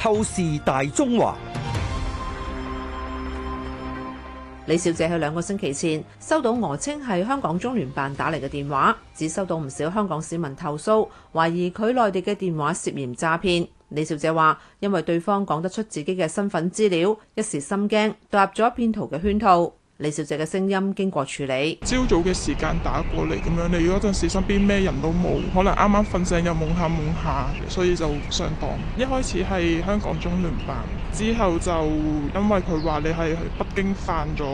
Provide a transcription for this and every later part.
透視大中華，李小姐喺兩個星期前收到訛稱係香港中聯辦打嚟嘅電話，只收到唔少香港市民投訴，懷疑佢內地嘅電話涉嫌詐騙。李小姐話，因為對方講得出自己嘅身份資料，一時心驚，踏入咗騙徒嘅圈套。李小姐嘅聲音經過處理，朝早嘅時間打過嚟咁樣，你嗰陣時身邊咩人都冇，可能啱啱瞓醒又懵下懵下，所以就上當。一開始係香港中聯辦，之後就因為佢話你係去北京犯咗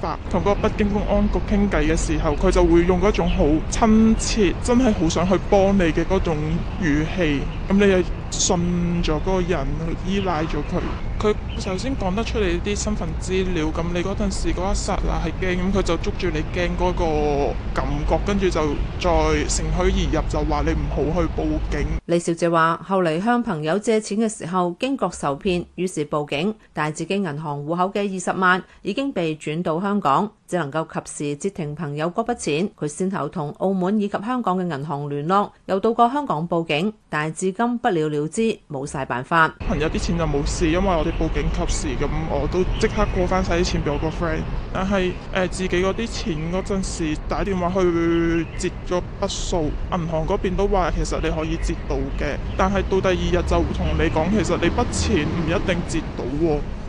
法，同嗰個北京公安局傾偈嘅時候，佢就會用嗰種好親切，真係好想去幫你嘅嗰種語氣，咁你又。信咗嗰個人，去依賴咗佢。佢頭先講得出嚟啲身份資料，咁你嗰陣時嗰一剎那係驚，咁佢就捉住你驚嗰個感覺，跟住就再乘虛而入，就話你唔好去報警。李小姐話：後嚟向朋友借錢嘅時候，驚覺受騙，於是報警，但係自己銀行戶口嘅二十萬已經被轉到香港，只能夠及時截停朋友嗰筆錢。佢先後同澳門以及香港嘅銀行聯絡，又到過香港報警，但係至今不了了知冇晒辦法，朋友啲錢就冇事，因為我哋報警及時，咁我都即刻過返晒啲錢俾我個 friend。但係誒、呃、自己嗰啲錢嗰陣時打電話去截咗筆數，銀行嗰邊都話其實你可以截到嘅，但係到第二日就同你講，其實你筆錢唔一定截到。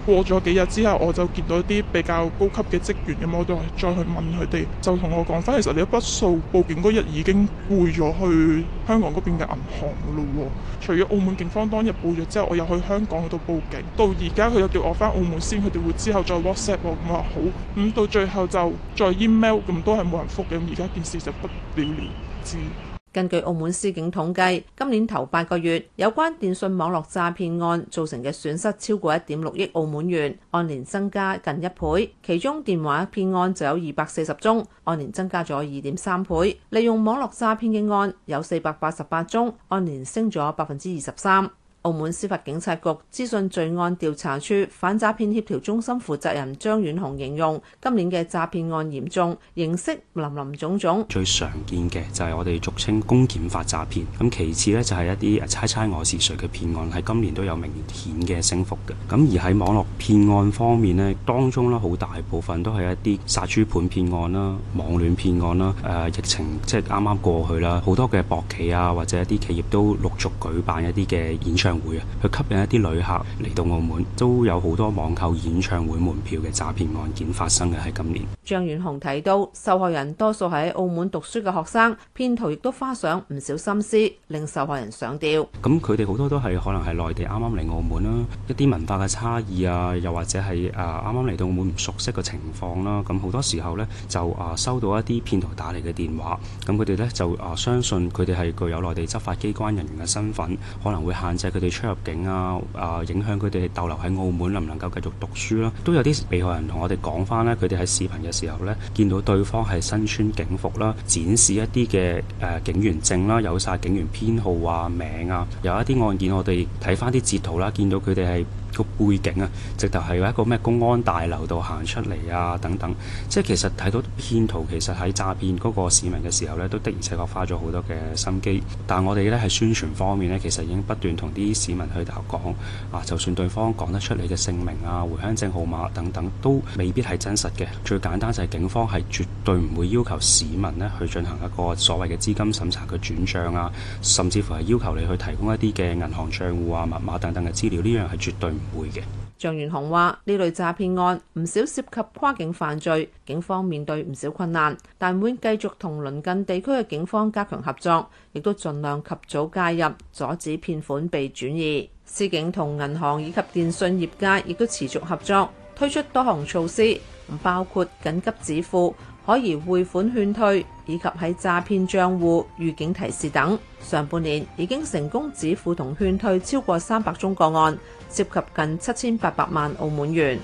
過咗幾日之後，我就見到啲比較高級嘅職員咁，我就再去問佢哋，就同我講翻，其實你一筆數報警嗰日已經匯咗去香港嗰邊嘅銀行咯喎。除咗澳門警方當日報咗之後，我又去香港嗰度報警，到而家佢又叫我翻澳門先，佢哋會之後再 WhatsApp 我咁話好，咁到最後就再 email 咁都係冇人覆嘅，咁而家件事就不了了之。根據澳門司警統計，今年頭八個月有關電訊網絡詐騙案造成嘅損失超過一點六億澳門元，按年增加近一倍。其中電話騙案就有二百四十宗，按年增加咗二點三倍。利用網絡詐騙嘅案有四百八十八宗，按年升咗百分之二十三。澳門司法警察局資訊罪案調查處反詐騙協調中心負責人張遠雄形容，今年嘅詐騙案嚴重，形式林林總總。最常見嘅就係我哋俗稱公檢法詐騙，咁其次呢，就係一啲猜猜我是誰嘅騙案，喺今年都有明顯嘅升幅嘅。咁而喺網絡騙案方面呢，當中咧好大部分都係一啲殺豬盤騙案啦、網戀騙案啦。誒、啊，疫情即係啱啱過去啦，好多嘅博企啊或者一啲企業都陸續舉辦一啲嘅演唱會啊，去吸引一啲旅客嚟到澳門，都有好多網購演唱會門票嘅詐騙案件發生嘅喺今年。張遠鴻提到受害人多數喺澳門讀書嘅學生，騙徒亦都花上唔少心思，令受害人上釣，咁佢哋好多都係可能係內地啱啱嚟澳門啦，一啲文化嘅差異啊，又或者係誒啱啱嚟到澳門唔熟悉嘅情況啦。咁好多時候咧就，啊收到一啲騙徒打嚟嘅電話，咁佢哋咧就，啊相信佢哋係具有內地執法機關人員嘅身份，可能會限制佢哋。出入境啊，啊影響佢哋逗留喺澳門能唔能夠繼續讀書啦，啊，都有啲被害人同我哋講翻呢，佢哋喺視頻嘅時候呢，見到對方係身穿警服啦，啊，展示一啲嘅誒警員證啦，啊，有晒警員編號啊、名啊，有一啲案件我哋睇翻啲截圖啦，見到佢哋係個背景啊，直頭係喺一個咩公安大樓度行出嚟啊，等等。即係其實睇到騙徒，其實喺詐騙嗰個市民嘅時候呢，都的而且確花咗好多嘅心機。但我哋呢，喺宣傳方面呢，其實已經不斷同啲市民去講啊，就算對方講得出你嘅姓名啊、回鄉證號碼等等，都未必係真實嘅。最簡單就係，是，警方係絕對唔會要求市民呢去進行一個所謂嘅資金審查嘅轉帳啊，甚至乎係要求你去提供一啲嘅銀行帳戶啊、密碼等等嘅資料，呢樣係絕對唔會嘅。張元雄話：呢類詐騙案唔少涉及跨境犯罪，警方面對唔少困難，但會繼續同鄰近地區嘅警方加強合作，亦都盡量及早介入，阻止騙款被轉移。司警同銀行以及電信業界亦都持續合作，推出多項措施，唔包括緊急止付，可以匯款勸退。以及喺詐騙帳戶，預警提示等，上半年已經成功止付同勸退超過三百宗個案，涉及近七千八百萬澳門元。